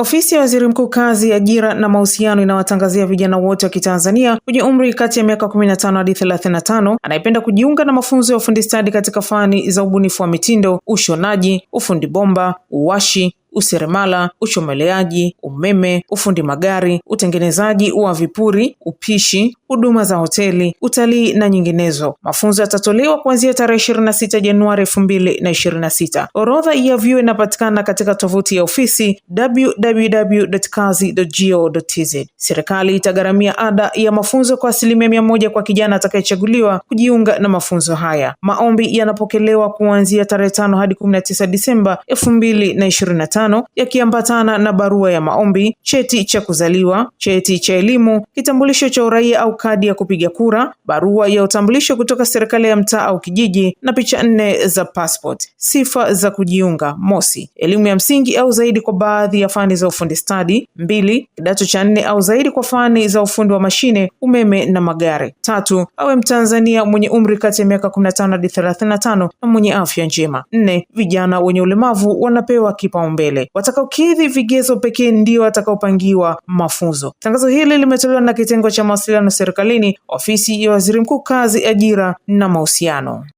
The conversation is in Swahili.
Ofisi ya Waziri Mkuu Kazi, Ajira na Mahusiano inawatangazia vijana wote wa Kitanzania wenye umri kati ya miaka 15 hadi 35 anayependa kujiunga na mafunzo ya ufundi stadi katika fani za ubunifu wa mitindo, ushonaji, ufundi bomba, uwashi useremala, uchomeleaji, umeme, ufundi magari, utengenezaji wa vipuri, upishi, huduma za hoteli, utalii na nyinginezo. Mafunzo yatatolewa kuanzia tarehe 26 Januari 2026. Orodha ya vyuo inapatikana katika tovuti ya ofisi www.kazi.go.tz. Serikali itagharamia ada ya mafunzo kwa asilimia mia moja kwa kijana atakayechaguliwa kujiunga na mafunzo haya. Maombi yanapokelewa kuanzia tarehe 5 hadi 19 Disemba 2025 tano yakiambatana na barua ya maombi, cheti cha kuzaliwa, cheti cha elimu, kitambulisho cha uraia au kadi ya kupiga kura, barua ya utambulisho kutoka serikali ya mtaa au kijiji na picha nne za passport. Sifa za kujiunga: mosi, elimu ya msingi au zaidi kwa baadhi ya fani za ufundi stadi; mbili, kidato cha nne au zaidi kwa fani za ufundi wa mashine, umeme na magari; tatu, awe Mtanzania mwenye umri kati ya miaka 15 hadi 35 na mwenye afya njema; nne, vijana wenye ulemavu wanapewa kipaumbele mbele. Watakaokidhi vigezo pekee ndio watakaopangiwa mafunzo. Tangazo hili limetolewa na kitengo cha mawasiliano serikalini, ofisi ya waziri mkuu, kazi, ajira na mahusiano.